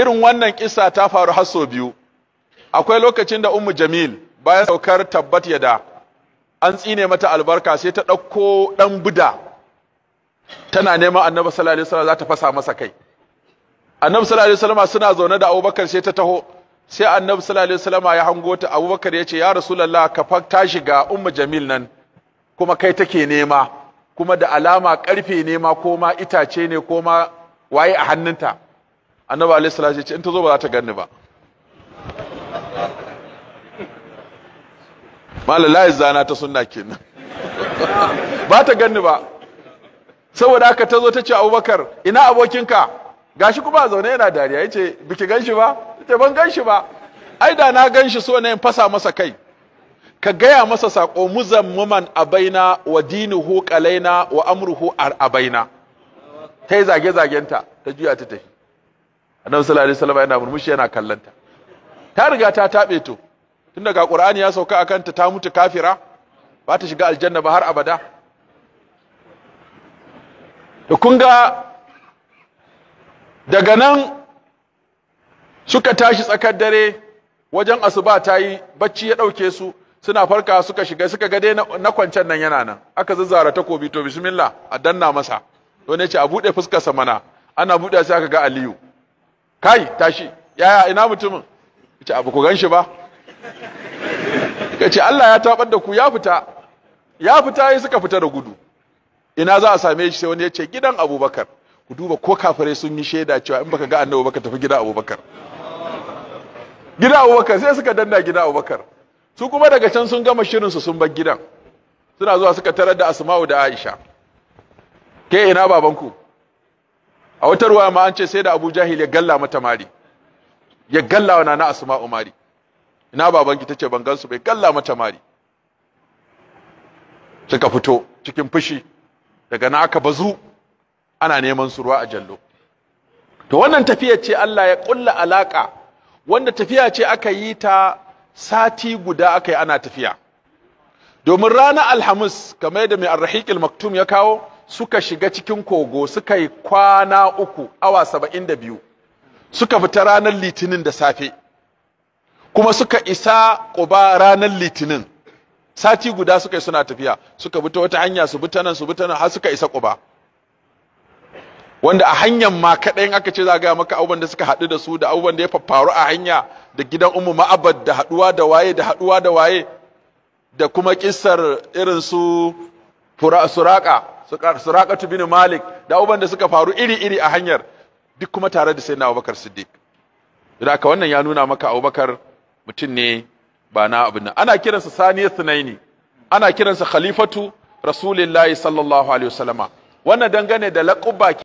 irin wannan kisa ta faru haso biyu akwai lokacin da ummu jamil bayan saukar tabbat yada an tsine mata albarka sai ta ɗauko ɗan buda tana neman annabi sallallahu alaihi wasallam za ta fasa masa kai annabi sallallahu alaihi wasallam suna zaune da abubakar sai ta taho sai annabi sallallahu alaihi wasallam ya hango ta abubakar ya ce ya rasulullah ka fa ta shiga ummu jamil nan kuma kai take nema kuma da alama karfe nema ko ma itace ne ko ma waye a hannunta annabi alayhi salatu ya ce in ta zo ba za ta ganni ba malala zana ta sunna kenan ba ta ganni ba saboda haka ta zo ta ce abubakar ina abokinka gashi kuma zaune yana dariya yace biki ganshi ba yace ban ganshi ba ai da na ganshi so ne in fasa masa kai ka gaya masa sako muzammuman abaina wa dinuhu qalaina wa amruhu abaina tai zage zagenta ta juya ta tafi annabi sallallahu alaihi wasallam yana murmushi yana kallanta ta riga ta tabe to tun daga qur'ani ya sauka akan ta ta mutu kafira ba ta shiga aljanna ba har abada to kun ga daga nan suka tashi tsakar dare wajen asuba ta yi bacci ya ɗauke su suna farka suka shiga suka ga dai na kwancen nan yana nan aka zazzara takobi to bismillah a danna masa to ne ce a buɗe sa mana ana buɗe sai aka ga aliyu kai tashi yaya ina mutumin ce abu ku ganshi ba ce Allah ya tabar da ku ya fita ya fita yi suka fita da gudu ina za a same shi sai wani ya ce gidan Abubakar ku duba ko kafirai sun yi shaida cewa in baka ga annabi baka tafi gidan Abubakar gidan Abubakar sai suka danna gidan Abubakar su kuma daga can sun gama shirin su sun bar gidan suna zuwa suka tarar da Asma'u da Aisha ke ina babanku a wata ruwa ma an ce sai da Abu Jahil ya galla mata mari ya galla wa nana Asma'u mari ina babanki tace ban gansu bai galla mata mari suka fito cikin fushi daga na aka bazu ana neman su ruwa a jallo to wannan tafiya ce Allah ya kulla alaka wanda tafiya ce aka yi ta sati guda aka yi ana tafiya domin ranar alhamis kamar yadda mai arrahiqil maktum ya kawo suka shiga cikin kogo suka yi kwana uku awa saba'in da biyu suka fita ranar litinin da safe kuma suka isa ƙuba ranar litinin sati guda suka yi suna tafiya suka fita wata hanya su bi nan su bi nan har suka isa ƙuba wanda a hanyar ma kaɗai aka ce za gaya maka abubuwan da suka haɗu da su da abubuwan da ya faffaru a hanya da gidan umu ma'abad da haɗuwa da waye da haɗuwa da waye da kuma kissar irin su suraka suraqatu bin malik da uban da suka faru iri iri a hanyar duk kuma tare da sayyidina abubakar siddiq idan ka wannan ya nuna maka abubakar mutum ne ba na abin nan ana kiransa saniyar sunaini ana kiransa khalifatu rasulillahi sallallahu alaihi wasallama wannan dangane da baki.